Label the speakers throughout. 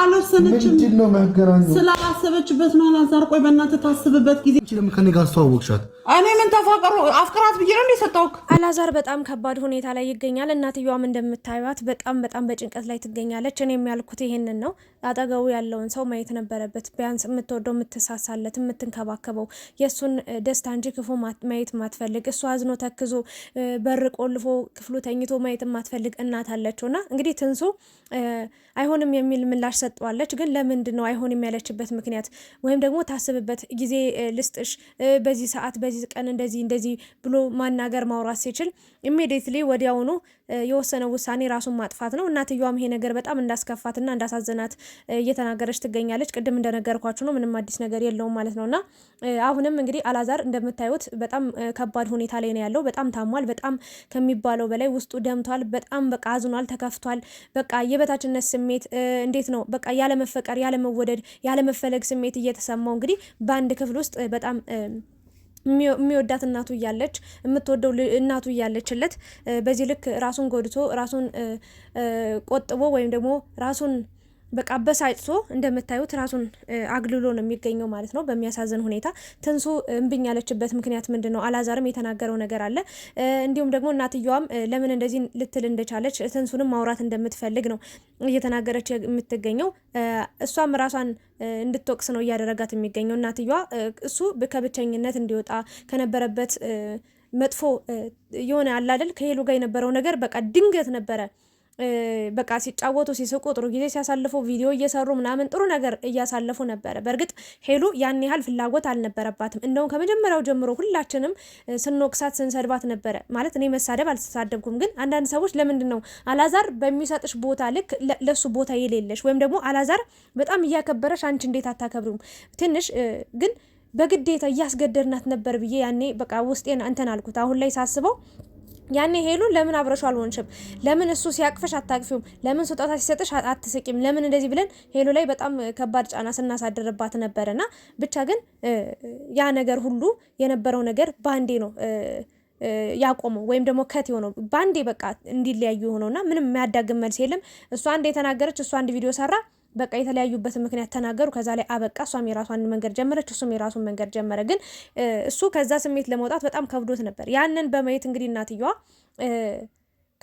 Speaker 1: አልወሰነችም። ስላላሰበችበት ነው። አላዛር ቆይ በእናትህ ታስብበት
Speaker 2: ጊዜ ከኔ ጋር አስተዋወቅሻት።
Speaker 1: እኔ ምን ተፋቀሩ አፍቅራት ብዬ ነው የሰጠውክ። አላዛር በጣም ከባድ ሁኔታ ላይ ይገኛል። እናትየዋም እንደምታዩት በጣም በጣም በጭንቀት ላይ ትገኛለች። እኔም ያልኩት ይሄንን ነው። አጠገቡ ያለውን ሰው ማየት ነበረበት። ቢያንስ የምትወደው የምትሳሳለት፣ የምትንከባከበው የእሱን ደስታ እንጂ ክፉ ማየት ማትፈልግ እሱ አዝኖ ተክዞ በር ቆልፎ ክፍሉ ተኝቶ ማየት ማትፈልግ እናት አለችው እና እንግዲህ ትንሱ አይሆንም የሚል ምላሽ ሰጠዋለች። ግን ለምንድን ነው አይሆንም ያለችበት ምክንያት ወይም ደግሞ ታስብበት ጊዜ ልስጥሽ በዚህ ሰዓት በዚህ ቀን እንደዚህ እንደዚህ ብሎ ማናገር ማውራት ሲችል ኢሜዲየትሊ ወዲያውኑ የወሰነው ውሳኔ ራሱን ማጥፋት ነው። እናትየዋም ይሄ ነገር በጣም እንዳስከፋትና እንዳሳዘናት እየተናገረች ትገኛለች። ቅድም እንደነገርኳችሁ ነው ምንም አዲስ ነገር የለውም ማለት እና አሁንም እንግዲህ አላዛር እንደምታዩት በጣም ከባድ ሁኔታ ላይ ነው ያለው። በጣም ታሟል። በጣም ከሚባለው በላይ ውስጡ ደምቷል። በጣም በቃ አዝኗል፣ ተከፍቷል። በቃ የበታችነት ስሜት እንዴት ነው በቃ ያለመፈቀር፣ ያለመወደድ፣ ያለመፈለግ ስሜት እየተሰማው እንግዲህ በአንድ ክፍል ውስጥ በጣም የሚወዳት እናቱ እያለች የምትወደው እናቱ እያለችለት በዚህ ልክ ራሱን ጎድቶ ራሱን ቆጥቦ ወይም ደግሞ ራሱን በቃ በሳጭሶ እንደምታዩት ራሱን አግልሎ ነው የሚገኘው ማለት ነው። በሚያሳዝን ሁኔታ ትንሱ እምብኝ ያለችበት ምክንያት ምንድን ነው? አላዛርም የተናገረው ነገር አለ። እንዲሁም ደግሞ እናትየዋም ለምን እንደዚህ ልትል እንደቻለች ትንሱንም ማውራት እንደምትፈልግ ነው እየተናገረች የምትገኘው። እሷም ራሷን እንድትወቅስ ነው እያደረጋት የሚገኘው እናትየዋ እሱ ከብቸኝነት እንዲወጣ ከነበረበት መጥፎ የሆነ አላደል ከሄሉ ጋር የነበረው ነገር በቃ ድንገት ነበረ በቃ ሲጫወቱ ሲስቁ ጥሩ ጊዜ ሲያሳልፉ ቪዲዮ እየሰሩ ምናምን ጥሩ ነገር እያሳለፉ ነበረ። በእርግጥ ሄሉ ያን ያህል ፍላጎት አልነበረባትም። እንደውም ከመጀመሪያው ጀምሮ ሁላችንም ስንወቅሳት ስንሰድባት ነበረ። ማለት እኔ መሳደብ አልተሳደብኩም፣ ግን አንዳንድ ሰዎች ለምንድን ነው አላዛር በሚሰጥሽ ቦታ ልክ ለሱ ቦታ የሌለሽ ወይም ደግሞ አላዛር በጣም እያከበረሽ አንቺ እንዴት አታከብሪውም? ትንሽ ግን በግዴታ እያስገደድናት ነበር ብዬ ያኔ በቃ ውስጤን እንትን አልኩት። አሁን ላይ ሳስበው ያኔ ሄሉ ለምን አብረሹ አልሆንሽም? ለምን እሱ ሲያቅፍሽ አታቅፊውም? ለምን ስጦታ ሲሰጥሽ አትስቂም? ለምን እንደዚህ ብለን ሄሉ ላይ በጣም ከባድ ጫና ስናሳድርባት ነበረና ብቻ ግን ያ ነገር ሁሉ የነበረው ነገር ባንዴ ነው ያቆመው ወይም ደግሞ ከት የሆነው ባንዴ በቃ እንዲለያዩ የሆነውና ምንም የሚያዳግም መልስ የለም። እሷ አንድ የተናገረች እሷ አንድ ቪዲዮ ሰራ በቃ የተለያዩበትን ምክንያት ተናገሩ። ከዛ ላይ አበቃ። እሷም የራሷን መንገድ ጀመረች፣ እሱም የራሱን መንገድ ጀመረ። ግን እሱ ከዛ ስሜት ለመውጣት በጣም ከብዶት ነበር። ያንን በማየት እንግዲህ እናትየዋ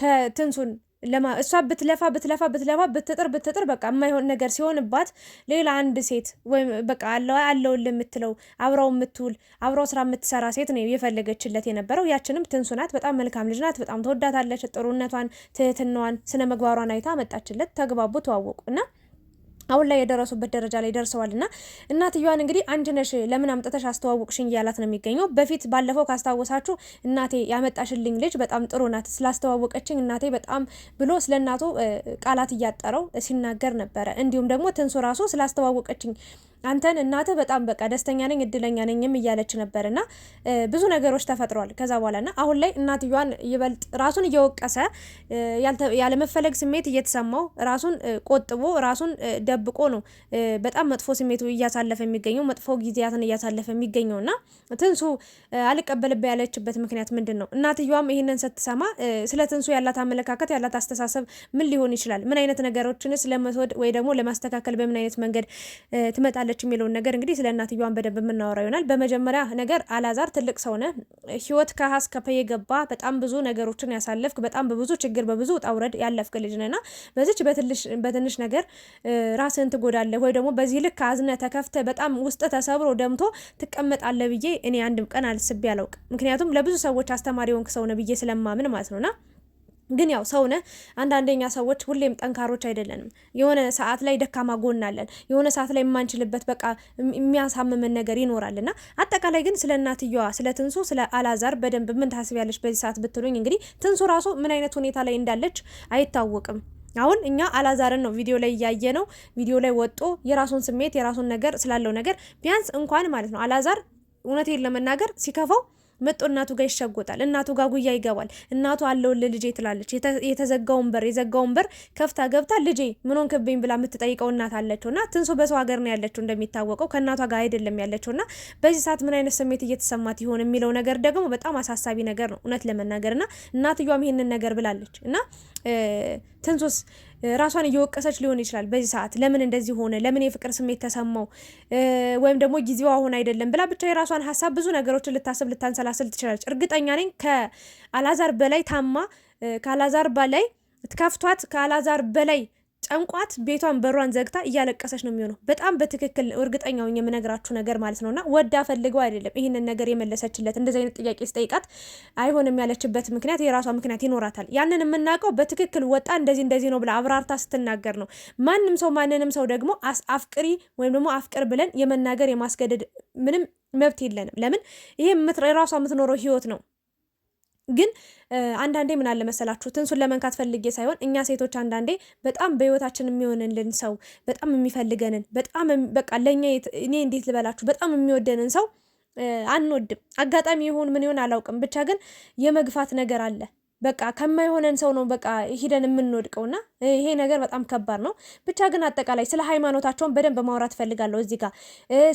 Speaker 1: ከትንሱን ለማ እሷ ብትለፋ ብትለፋ ብትለፋ ብትጥር ብትጥር በቃ የማይሆን ነገር ሲሆንባት ሌላ አንድ ሴት ወይም በቃ አለውን የምትለው አብረው የምትውል አብረው ስራ የምትሰራ ሴት ነው የፈለገችለት የነበረው። ያችንም ትንሱ ናት። በጣም መልካም ልጅ ናት። በጣም ተወዳታለች። ጥሩነቷን፣ ትህትናዋን፣ ስነ ምግባሯን አይታ መጣችለት። ተግባቡ፣ ተዋወቁ እና አሁን ላይ የደረሱበት ደረጃ ላይ ደርሰዋል። እና እናትየዋን እንግዲህ አንቺ ነሽ ለምን አምጥተሽ አስተዋወቅሽኝ እያላት ነው የሚገኘው። በፊት ባለፈው ካስታወሳችሁ እናቴ ያመጣሽልኝ ልጅ በጣም ጥሩ ናት፣ ስላስተዋወቀችኝ እናቴ በጣም ብሎ ስለ እናቱ ቃላት እያጠረው ሲናገር ነበረ። እንዲሁም ደግሞ ትንሱ ራሱ ስላስተዋወቀችኝ አንተን እናትህ በጣም በቃ ደስተኛ ነኝ እድለኛ ነኝም እያለች ነበር እና ብዙ ነገሮች ተፈጥሯል ከዛ በኋላ ና አሁን ላይ እናትዮዋን ይበልጥ ራሱን እየወቀሰ ያለመፈለግ ስሜት እየተሰማው ራሱን ቆጥቦ ራሱን ደብቆ ነው በጣም መጥፎ ስሜቱ እያሳለፈ የሚገኘው መጥፎ ጊዜያትን እያሳለፈ የሚገኘው እና ትንሱ አልቀበልበ ያለችበት ምክንያት ምንድን ነው? እናትየዋም ይህንን ስትሰማ ስለ ትንሱ ያላት አመለካከት ያላት አስተሳሰብ ምን ሊሆን ይችላል? ምን አይነት ነገሮችንስ ለመስወድ ወይ ደግሞ ለማስተካከል በምን አይነት መንገድ ትመጣል ትችላለች የሚለውን ነገር እንግዲህ ስለ እናትየዋን በደንብ የምናወራ ይሆናል። በመጀመሪያ ነገር አላዛር ትልቅ ሰው ነህ። ህይወት ከሀስ ከፈ የገባ በጣም ብዙ ነገሮችን ያሳለፍክ በጣም በብዙ ችግር በብዙ ውጣ ውረድ ያለፍክ ልጅ ነህና በዚች በትንሽ ነገር ራስህን ትጎዳለህ ወይ ደግሞ በዚህ ልክ አዝነ ተከፍተ በጣም ውስጥ ተሰብሮ ደምቶ ትቀመጣለህ ብዬ እኔ አንድም ቀን አልስቤ አላውቅ። ምክንያቱም ለብዙ ሰዎች አስተማሪ የሆንክ ሰው ነህ ብዬ ስለማምን ማለት ነውና ግን ያው ሰውነ አንዳንደኛ ሰዎች ሁሌም ጠንካሮች አይደለንም። የሆነ ሰዓት ላይ ደካማ ጎን አለን። የሆነ ሰዓት ላይ የማንችልበት በቃ የሚያሳምመን ነገር ይኖራል እና አጠቃላይ ግን ስለ እናትየዋ ስለ ትንሶ ስለ አላዛር በደንብ ምን ታስቢያለች በዚህ ሰዓት ብትሉኝ እንግዲህ ትንሶ ራሱ ምን አይነት ሁኔታ ላይ እንዳለች አይታወቅም። አሁን እኛ አላዛርን ነው ቪዲዮ ላይ እያየ ነው። ቪዲዮ ላይ ወጦ የራሱን ስሜት የራሱን ነገር ስላለው ነገር ቢያንስ እንኳን ማለት ነው አላዛር እውነቴን ለመናገር ሲከፋው መጦ እናቱ ጋር ይሸጎጣል። እናቱ ጋር ጉያ ይገባል። እናቱ አለውን ልጄ ትላለች። የተዘጋውን በር የዘጋውን በር ከፍታ ገብታ ልጄ ምን ሆንክብኝ ብላ የምትጠይቀው እናት አለችው እና ትንሱ በሰው ሀገር ነው ያለችው እንደሚታወቀው ከእናቷ ጋር አይደለም ያለችው እና በዚህ ሰዓት ምን አይነት ስሜት እየተሰማት ይሆን የሚለው ነገር ደግሞ በጣም አሳሳቢ ነገር ነው እውነት ለመናገር እና እናትየዋም ይሄንን ነገር ብላለች እና ትንሱስ ራሷን እየወቀሰች ሊሆን ይችላል። በዚህ ሰዓት ለምን እንደዚህ ሆነ፣ ለምን የፍቅር ስሜት ተሰማው፣ ወይም ደግሞ ጊዜው አሁን አይደለም ብላ ብቻ የራሷን ሀሳብ ብዙ ነገሮችን ልታስብ ልታንሰላስል ትችላለች። እርግጠኛ ነኝ ከአላዛር በላይ ታማ ከአላዛር በላይ ትከፍቷት ከአላዛር በላይ ጨንቋት ቤቷን በሯን ዘግታ እያለቀሰች ነው የሚሆነው። በጣም በትክክል እርግጠኛው የምነግራችሁ ነገር ማለት ነውና ወዳ ፈልገው አይደለም ይህንን ነገር የመለሰችለት። እንደዚህ አይነት ጥያቄ ስጠይቃት አይሆንም ያለችበት ምክንያት የራሷ ምክንያት ይኖራታል። ያንን የምናውቀው በትክክል ወጣ እንደዚህ እንደዚህ ነው ብላ አብራርታ ስትናገር ነው። ማንም ሰው ማንንም ሰው ደግሞ አፍቅሪ ወይም ደግሞ አፍቅር ብለን የመናገር የማስገደድ ምንም መብት የለንም። ለምን ይሄ የራሷ የምትኖረው ህይወት ነው። ግን አንዳንዴ ምን አለ መሰላችሁ ትንሱን ለመንካት ፈልጌ ሳይሆን እኛ ሴቶች አንዳንዴ በጣም በህይወታችን የሚሆንልን ሰው በጣም የሚፈልገንን በጣም በቃ ለእኛ እኔ እንዴት ልበላችሁ በጣም የሚወደንን ሰው አንወድም። አጋጣሚ ይሁን ምን ይሆን አላውቅም፣ ብቻ ግን የመግፋት ነገር አለ በቃ ከማይሆነን ሰው ነው በቃ ሂደን የምንወድቀውና ይሄ ነገር በጣም ከባድ ነው። ብቻ ግን አጠቃላይ ስለ ሃይማኖታቸውን በደንብ ማውራት ፈልጋለሁ እዚህ ጋር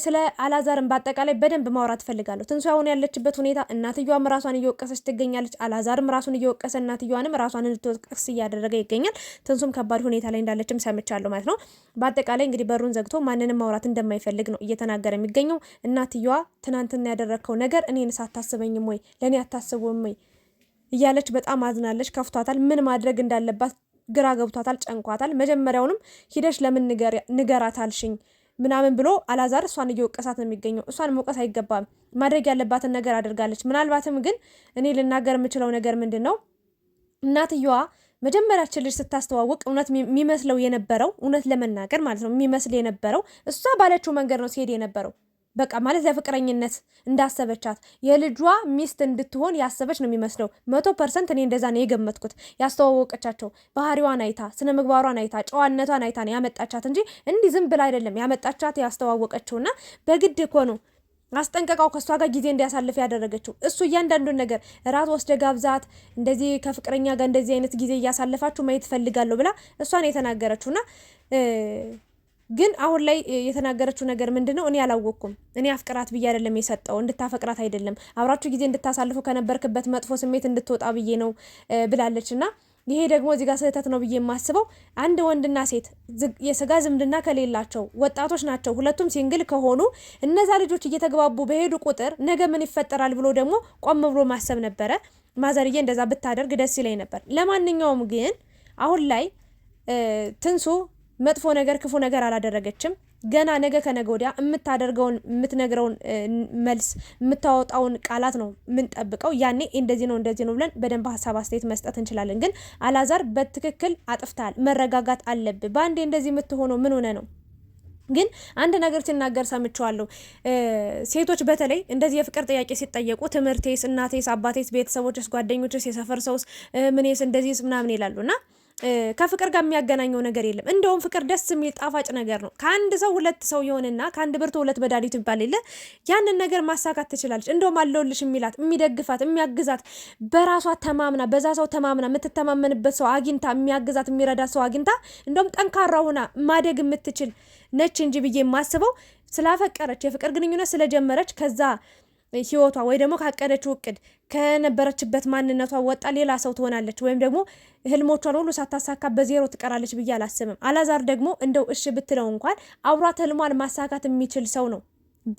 Speaker 1: ስለ አላዛርን በአጠቃላይ በደንብ ማውራት ፈልጋለሁ ትንሱ አሁን ያለችበት ሁኔታ እናትየዋም ራሷን እየወቀሰች ትገኛለች። አላዛርም ራሱን እየወቀሰ እናትየዋንም ራሷን እንድትወቀስ እያደረገ ይገኛል። ትንሱም ከባድ ሁኔታ ላይ እንዳለችም ሰምቻለሁ ማለት ነው። በአጠቃላይ እንግዲህ በሩን ዘግቶ ማንንም ማውራት እንደማይፈልግ ነው እየተናገረ የሚገኘው። እናትየዋ ትናንትና ያደረግከው ነገር እኔን ሳታስበኝም ወይ ለእኔ አታስቡም ወይ እያለች በጣም አዝናለች። ከፍቷታል። ምን ማድረግ እንዳለባት ግራ ገብቷታል፣ ጨንኳታል። መጀመሪያውንም ሂደሽ ለምን ንገራት አልሽኝ ምናምን ብሎ አላዛር እሷን እየወቀሳት ነው የሚገኘው። እሷን መውቀስ አይገባም። ማድረግ ያለባትን ነገር አድርጋለች። ምናልባትም ግን እኔ ልናገር የምችለው ነገር ምንድን ነው እናትየዋ መጀመሪያችን ልጅ ስታስተዋውቅ እውነት የሚመስለው የነበረው እውነት ለመናገር ማለት ነው የሚመስል የነበረው እሷ ባለችው መንገድ ነው ሲሄድ የነበረው በቃ ማለት ለፍቅረኝነት እንዳሰበቻት የልጇ ሚስት እንድትሆን ያሰበች ነው የሚመስለው። መቶ ፐርሰንት እኔ እንደዛ ነው የገመትኩት። ያስተዋወቀቻቸው ባህሪዋን አይታ፣ ስነ ምግባሯን አይታ፣ ጨዋነቷን አይታ ነው ያመጣቻት እንጂ እንዲህ ዝም ብላ አይደለም ያመጣቻት ያስተዋወቀችውና በግድ እኮ ነው አስጠንቀቃው ከእሷ ጋር ጊዜ እንዲያሳልፍ ያደረገችው እሱ እያንዳንዱን ነገር እራት ወስደ ጋብዛት፣ እንደዚህ ከፍቅረኛ ጋር እንደዚህ አይነት ጊዜ እያሳለፋችሁ ማየት ፈልጋለሁ ብላ እሷን የተናገረችውና ግን አሁን ላይ የተናገረችው ነገር ምንድን ነው? እኔ አላወቅኩም። እኔ አፍቅራት ብዬ አይደለም የሰጠው እንድታፈቅራት አይደለም አብራችሁ ጊዜ እንድታሳልፉ ከነበርክበት መጥፎ ስሜት እንድትወጣ ብዬ ነው ብላለች እና ይሄ ደግሞ እዚህ ጋር ስህተት ነው ብዬ የማስበው አንድ ወንድና ሴት የስጋ ዝምድና ከሌላቸው ወጣቶች ናቸው፣ ሁለቱም ሲንግል ከሆኑ እነዛ ልጆች እየተግባቡ በሄዱ ቁጥር ነገ ምን ይፈጠራል ብሎ ደግሞ ቆም ብሎ ማሰብ ነበረ። ማዘርዬ እንደዛ ብታደርግ ደስ ይለኝ ነበር። ለማንኛውም ግን አሁን ላይ ትንሱ መጥፎ ነገር ክፉ ነገር አላደረገችም። ገና ነገ ከነገ ወዲያ የምታደርገውን የምትነግረውን መልስ የምታወጣውን ቃላት ነው የምንጠብቀው። ያኔ እንደዚህ ነው እንደዚህ ነው ብለን በደንብ ሀሳብ አስተያየት መስጠት እንችላለን። ግን አላዛር በትክክል አጥፍታል። መረጋጋት አለብ። በአንዴ እንደዚህ የምትሆነው ምን ሆነ ነው? ግን አንድ ነገር ሲናገር ሰምቸዋለሁ። ሴቶች በተለይ እንደዚህ የፍቅር ጥያቄ ሲጠየቁ ትምህርቴስ፣ እናቴስ፣ አባቴስ፣ ቤተሰቦችስ፣ ጓደኞችስ፣ የሰፈር ሰውስ፣ ምኔስ፣ እንደዚህስ ምናምን ይላሉ እና ከፍቅር ጋር የሚያገናኘው ነገር የለም። እንደውም ፍቅር ደስ የሚል ጣፋጭ ነገር ነው። ከአንድ ሰው ሁለት ሰው የሆንና ከአንድ ብርቱ ሁለት መድኃኒቱ ይባል የለ ያንን ነገር ማሳካት ትችላለች። እንደውም አለውልሽ የሚላት የሚደግፋት፣ የሚያግዛት በራሷ ተማምና በዛ ሰው ተማምና የምትተማመንበት ሰው አግኝታ የሚያግዛት የሚረዳ ሰው አግኝታ እንደውም ጠንካራ ሆና ማደግ የምትችል ነች እንጂ ብዬ የማስበው ስላፈቀረች የፍቅር ግንኙነት ስለጀመረች ከዛ ህይወቷ ወይ ደግሞ ካቀደችው እቅድ ከነበረችበት ማንነቷ ወጣ ሌላ ሰው ትሆናለች፣ ወይም ደግሞ ህልሞቿን ሁሉ ሳታሳካ በዜሮ ትቀራለች ብዬ አላስብም። አላዛር ደግሞ እንደው እሺ ብትለው እንኳን አብሯት ህልሟን ማሳካት የሚችል ሰው ነው።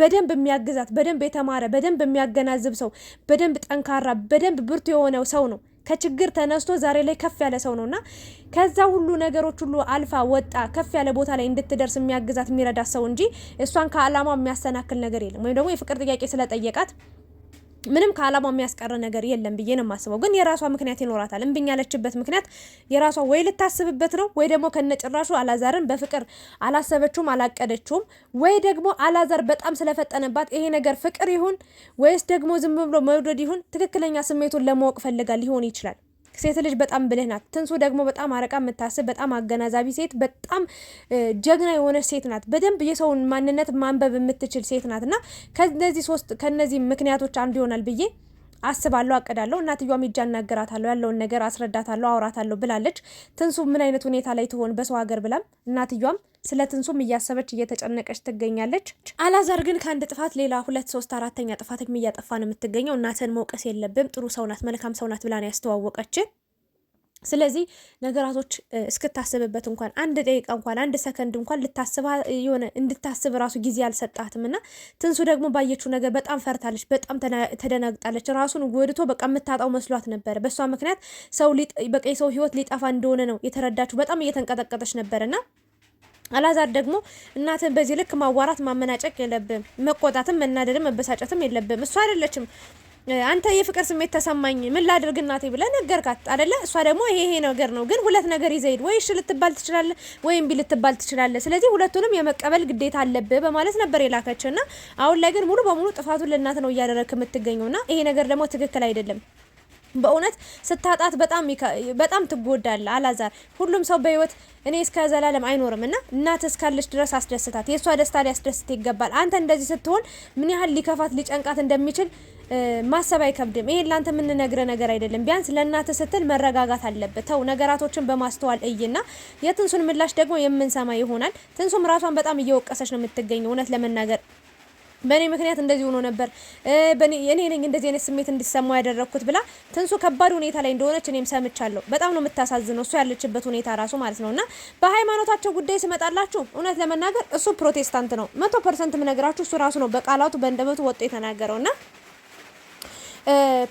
Speaker 1: በደንብ የሚያግዛት፣ በደንብ የተማረ፣ በደንብ የሚያገናዝብ ሰው፣ በደንብ ጠንካራ፣ በደንብ ብርቱ የሆነው ሰው ነው። ከችግር ተነስቶ ዛሬ ላይ ከፍ ያለ ሰው ነውና ከዛ ሁሉ ነገሮች ሁሉ አልፋ ወጣ ከፍ ያለ ቦታ ላይ እንድትደርስ የሚያግዛት የሚረዳት ሰው እንጂ እሷን ከአላማ የሚያሰናክል ነገር የለም። ወይም ደግሞ የፍቅር ጥያቄ ስለጠየቃት ምንም ከአላማ የሚያስቀረ ነገር የለም ብዬ ነው የማስበው። ግን የራሷ ምክንያት ይኖራታል። እምብኝ ያለችበት ምክንያት የራሷ ወይ ልታስብበት ነው ወይ ደግሞ ከነጭራሹ አላዛርን በፍቅር አላሰበችውም አላቀደችውም፣ ወይ ደግሞ አላዛር በጣም ስለፈጠነባት ይሄ ነገር ፍቅር ይሁን ወይስ ደግሞ ዝም ብሎ መውደድ ይሁን ትክክለኛ ስሜቱን ለማወቅ ፈልጋ ሊሆን ይችላል። ሴት ልጅ በጣም ብልህ ናት። ትንሱ ደግሞ በጣም አረቃ የምታስብ በጣም አገናዛቢ ሴት፣ በጣም ጀግና የሆነች ሴት ናት። በደንብ የሰውን ማንነት ማንበብ የምትችል ሴት ናት እና ከነዚህ ሶስት ከነዚህ ምክንያቶች አንዱ ይሆናል ብዬ አስባለሁ አቅዳለሁ። እናትየዋ ሚጃ እናገራታለሁ፣ ያለውን ነገር አስረዳታለሁ፣ አውራታለሁ ብላለች። ትንሱ ምን አይነት ሁኔታ ላይ ትሆን በሰው ሀገር ብላም እናትየዋም ስለ ትንሱም እያሰበች እየተጨነቀች ትገኛለች። አላዛር ግን ከአንድ ጥፋት ሌላ ሁለት ሶስት አራተኛ ጥፋት እያጠፋ ነው የምትገኘው። እናትን መውቀስ የለብም ጥሩ ሰው ናት፣ መልካም ሰው ናት ብላ ያስተዋወቀች። ስለዚህ ነገራቶች እስክታስብበት እንኳን አንድ ደቂቃ እንኳን አንድ ሰከንድ እንኳን ልታስብ የሆነ እንድታስብ ራሱ ጊዜ አልሰጣትም። እና ትንሱ ደግሞ ባየችው ነገር በጣም ፈርታለች፣ በጣም ተደናግጣለች። ራሱን ወድቶ በቃ የምታጣው መስሏት ነበረ። በእሷ ምክንያት ሰው በቃ የሰው ህይወት ሊጠፋ እንደሆነ ነው የተረዳችው። በጣም እየተንቀጠቀጠች ነበረና አላዛር ደግሞ እናትን በዚህ ልክ ማዋራት ማመናጨቅ የለብም፣ መቆጣትም መናደድም መበሳጨትም የለብም። እሷ አይደለችም አንተ የፍቅር ስሜት ተሰማኝ ምን ላድርግ እናቴ ብለህ ነገርካት አይደለ? እሷ ደግሞ ይሄ ይሄ ነገር ነው ግን ሁለት ነገር ይዘህ ወይ እሺ ልትባል ትችላለህ፣ ወይ እምቢ ልትባል ትችላለህ። ስለዚህ ሁለቱንም የመቀበል ግዴታ አለብህ በማለት ነበር የላከችና አሁን ላይ ግን ሙሉ በሙሉ ጥፋቱን ለእናት ነው እያደረግክ የምትገኘውና ይሄ ነገር ደግሞ ትክክል አይደለም። በእውነት ስታጣት በጣም ትጎዳለ። አላዛር ሁሉም ሰው በህይወት እኔ እስከ ዘላለም አይኖርም እና እናት እስካለች ድረስ አስደስታት። የእሷ ደስታ ሊያስደስት ይገባል። አንተ እንደዚህ ስትሆን ምን ያህል ሊከፋት ሊጨንቃት እንደሚችል ማሰብ አይከብድም። ይሄን ላንተ የምንነግረ ነገር አይደለም። ቢያንስ ለእናት ስትል መረጋጋት አለበት። ተው ነገራቶችን በማስተዋል እይና የትንሱን ምላሽ ደግሞ የምንሰማ ይሆናል። ትንሱም ራሷን በጣም እየወቀሰች ነው የምትገኘው እውነት ለመናገር በእኔ ምክንያት እንደዚህ ሆኖ ነበር፣ እኔ ነኝ እንደዚህ አይነት ስሜት እንዲሰማው ያደረግኩት ብላ ትንሱ ከባድ ሁኔታ ላይ እንደሆነች እኔም ሰምቻለሁ። በጣም ነው የምታሳዝነው እሱ ያለችበት ሁኔታ ራሱ ማለት ነው። እና በሃይማኖታቸው ጉዳይ ስመጣላችሁ እውነት ለመናገር እሱ ፕሮቴስታንት ነው። መቶ ፐርሰንት ምነግራችሁ እሱ ራሱ ነው በቃላቱ በእንደበቱ ወጥቶ የተናገረው እና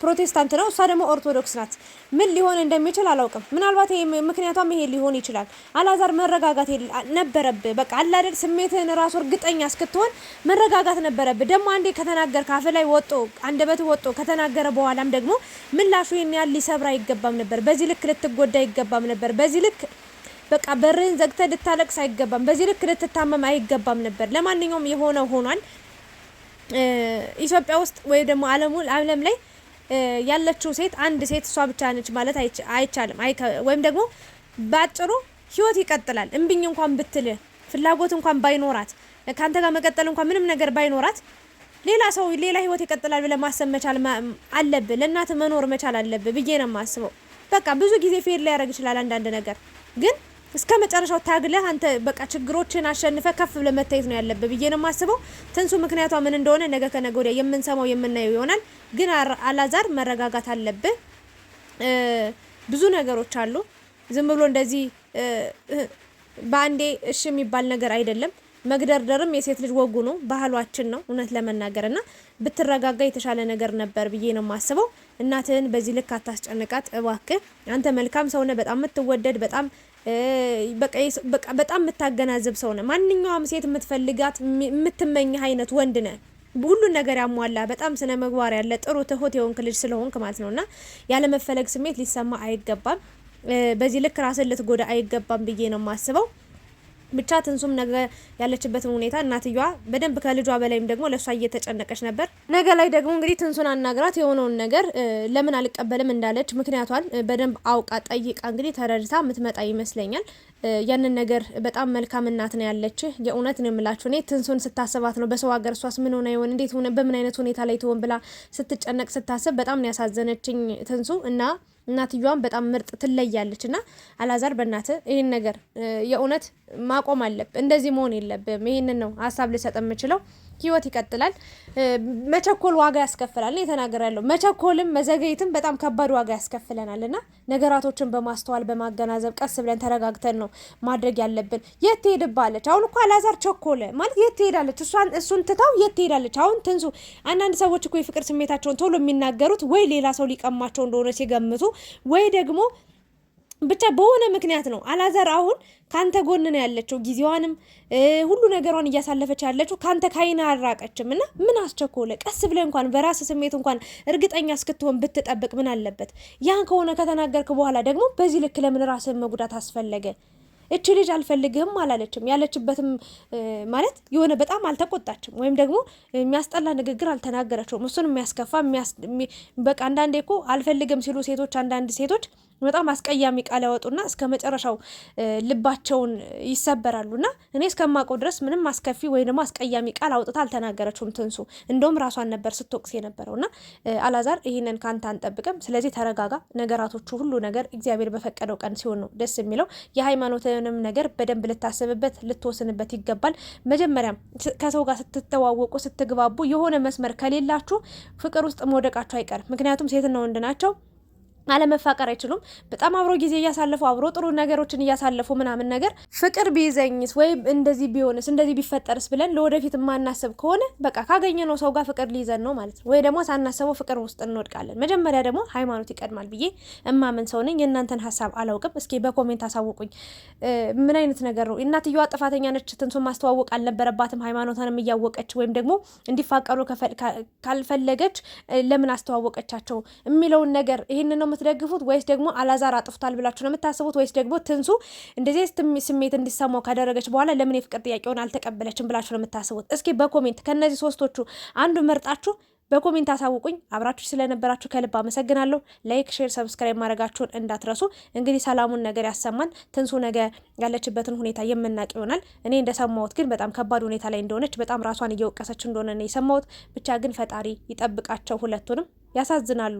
Speaker 1: ፕሮቴስታንት ነው፣ እሷ ደግሞ ኦርቶዶክስ ናት። ምን ሊሆን እንደሚችል አላውቅም። ምናልባት ምክንያቷም ይሄ ሊሆን ይችላል። አላዛር መረጋጋት ነበረብ በቃ አላደል ስሜትህን ራሱ እርግጠኛ እስክትሆን መረጋጋት ነበረብ ደግሞ አንዴ ከተናገር ካፍ ላይ ወጦ አንደበት ወጦ ከተናገረ በኋላም ደግሞ ምላሹ ይህን ያህል ሊሰብር አይገባም ነበር። በዚህ ልክ ልትጎዳ አይገባም ነበር። በዚህ ልክ በቃ በርህን ዘግተ ልታለቅስ አይገባም። በዚህ ልክ ልትታመም አይገባም ነበር። ለማንኛውም የሆነው ሆኗል። ኢትዮጵያ ውስጥ ወይም ደግሞ ዓለም ላይ ያለችው ሴት አንድ ሴት እሷ ብቻ ነች ማለት አይቻልም። ወይም ደግሞ ባጭሩ ህይወት ይቀጥላል። እንብኝ እንኳን ብትል ፍላጎት እንኳን ባይኖራት ከአንተ ጋር መቀጠል እንኳን ምንም ነገር ባይኖራት ሌላ ሰው ሌላ ህይወት ይቀጥላል ብለህ ማሰብ መቻል አለብህ። ለእናት መኖር መቻል አለብህ ብዬ ነው የማስበው። በቃ ብዙ ጊዜ ፌድ ሊያደርግ ይችላል አንዳንድ ነገር ግን እስከ መጨረሻው ታግለህ አንተ በቃ ችግሮችን አሸንፈ ከፍ ብለህ መታየት ነው ያለብህ ብዬ ነው የማስበው። ትንሱ ምክንያቷ ምን እንደሆነ ነገ ከነገ ወዲያ የምንሰማው የምናየው ይሆናል። ግን አላዛር መረጋጋት አለብህ። ብዙ ነገሮች አሉ። ዝም ብሎ እንደዚህ በአንዴ እሺ የሚባል ነገር አይደለም። መግደርደርም የሴት ልጅ ወጉ ነው፣ ባህሏችን ነው። እውነት ለመናገር ና ብትረጋጋ የተሻለ ነገር ነበር ብዬ ነው የማስበው። እናትህን በዚህ ልክ አታስጨንቃት እባክህ። አንተ መልካም ሰውነ፣ በጣም የምትወደድ በጣም በቃ በጣም የምታገናዘብ ሰው ነህ። ማንኛውም ሴት የምትፈልጋት የምትመኝ አይነት ወንድ ነህ። ሁሉን ነገር ያሟላ በጣም ስነ ምግባር ያለ ጥሩ ትሁት የሆንክ ልጅ ስለሆንክ ማለት ነው። እና ያለመፈለግ ስሜት ሊሰማ አይገባም። በዚህ ልክ ራስን ልትጎዳ አይገባም ብዬ ነው የማስበው። ብቻ ትንሱም ነገ ያለችበትን ሁኔታ እናትየዋ በደንብ ከልጇ በላይም ደግሞ ለእሷ እየተጨነቀች ነበር። ነገ ላይ ደግሞ እንግዲህ ትንሱን አናግራት የሆነውን ነገር ለምን አልቀበልም እንዳለች ምክንያቷን በደንብ አውቃ ጠይቃ እንግዲህ ተረድታ ምትመጣ ይመስለኛል። ያንን ነገር በጣም መልካም እናት ነው ያለች። የእውነት ነው የምላችሁ። እኔ ትንሱን ስታስባት ነው በሰው ሀገር፣ እሷስ ምን ሆነ ይሆን እንዴት ሆነ በምን አይነት ሁኔታ ላይ ትሆን ብላ ስትጨነቅ ስታስብ በጣም ነው ያሳዘነችኝ ትንሱ እና እናትየዋን በጣም ምርጥ ትለያለች። እና አላዛር በእናት ይህን ነገር የእውነት ማቆም አለብ፣ እንደዚህ መሆን የለብም። ይህንን ነው ሀሳብ ልሰጥ የምችለው። ህይወት ይቀጥላል። መቸኮል ዋጋ ያስከፍላል። የተናገር ያለው መቸኮልም መዘገይትም በጣም ከባድ ዋጋ ያስከፍለናል እና ነገራቶችን በማስተዋል በማገናዘብ ቀስ ብለን ተረጋግተን ነው ማድረግ ያለብን። የት ትሄድባለች? አሁን እኮ አላዛር ቸኮለ ማለት የት ትሄዳለች? እሱን ትታው የት ትሄዳለች? አሁን ትንሱ አንዳንድ ሰዎች እኮ የፍቅር ስሜታቸውን ቶሎ የሚናገሩት ወይ ሌላ ሰው ሊቀማቸው እንደሆነ ሲገምቱ ወይ ደግሞ ብቻ በሆነ ምክንያት ነው። አላዛር አሁን ካንተ ጎን ነው ያለችው። ጊዜዋንም ሁሉ ነገሯን እያሳለፈች ያለችው ካንተ ካይና አራቀችም እና ምን አስቸኮለ? ቀስ ብለ እንኳን በራስ ስሜት እንኳን እርግጠኛ እስክትሆን ብትጠብቅ ምን አለበት? ያን ከሆነ ከተናገርክ በኋላ ደግሞ በዚህ ልክ ለምን ራስህን መጉዳት አስፈለገ? እች ልጅ አልፈልግህም አላለችም። ያለችበትም ማለት የሆነ በጣም አልተቆጣችም፣ ወይም ደግሞ የሚያስጠላ ንግግር አልተናገረችውም። እሱን የሚያስከፋ በቃ አንዳንዴ እኮ አልፈልግም ሲሉ ሴቶች አንዳንድ ሴቶች በጣም አስቀያሚ ቃል ያወጡና እስከ መጨረሻው ልባቸውን ይሰበራሉና እኔ እስከማውቀው ድረስ ምንም አስከፊ ወይ ደግሞ አስቀያሚ ቃል አውጥታ አልተናገረችውም ትንሱ። እንደውም ራሷን ነበር ስትወቅስ የነበረውና አላዛር ይህንን ካንተ አንጠብቅም። ስለዚህ ተረጋጋ። ነገራቶቹ ሁሉ ነገር እግዚአብሔር በፈቀደው ቀን ሲሆን ነው ደስ የሚለው። የሃይማኖትንም ነገር በደንብ ልታስብበት ልትወስንበት ይገባል። መጀመሪያም ከሰው ጋር ስትተዋወቁ ስትግባቡ የሆነ መስመር ከሌላችሁ ፍቅር ውስጥ መውደቃችሁ አይቀርም። ምክንያቱም ሴትና ወንድ ናቸው። አለመፋቀር አይችሉም። በጣም አብሮ ጊዜ እያሳለፉ አብሮ ጥሩ ነገሮችን እያሳለፉ ምናምን ነገር ፍቅር ቢይዘኝስ ወይም እንደዚህ ቢሆንስ እንደዚህ ቢፈጠርስ ብለን ለወደፊት የማናስብ ከሆነ በቃ ካገኘነው ሰው ጋር ፍቅር ሊይዘን ነው ማለት ነው። ወይ ደግሞ ሳናስበው ፍቅር ውስጥ እንወድቃለን። መጀመሪያ ደግሞ ሃይማኖት ይቀድማል ብዬ እማምን ሰው ነኝ። የእናንተን ሀሳብ አላውቅም። እስኪ በኮሜንት አሳውቁኝ። ምን አይነት ነገር ነው? እናትየዋ ጥፋተኛ ነች፣ ትንሱን ማስተዋወቅ አልነበረባትም። ሃይማኖቷንም እያወቀች ወይም ደግሞ እንዲፋቀሩ ካልፈለገች ለምን አስተዋወቀቻቸው የሚለውን ነገር ይህንን የምትደግፉት ወይስ ደግሞ አላዛር አጥፍቷል ብላችሁ ነው የምታስቡት? ወይስ ደግሞ ትንሱ እንደዚህ ስሜት እንዲሰማው ካደረገች በኋላ ለምን የፍቅር ጥያቄውን አልተቀበለችም ብላችሁ ነው የምታስቡት? እስኪ በኮሜንት ከእነዚህ ሶስቶቹ አንዱ መርጣችሁ በኮሜንት አሳውቁኝ። አብራችሁ ስለነበራችሁ ከልብ አመሰግናለሁ። ላይክ፣ ሼር፣ ሰብስክራይብ ማድረጋችሁን እንዳትረሱ። እንግዲህ ሰላሙን ነገር ያሰማን። ትንሱ ነገ ያለችበትን ሁኔታ የምናቅ ይሆናል። እኔ እንደሰማሁት ግን በጣም ከባድ ሁኔታ ላይ እንደሆነች፣ በጣም ራሷን እየወቀሰች እንደሆነ ነው የሰማሁት። ብቻ ግን ፈጣሪ ይጠብቃቸው ሁለቱንም። ያሳዝናሉ።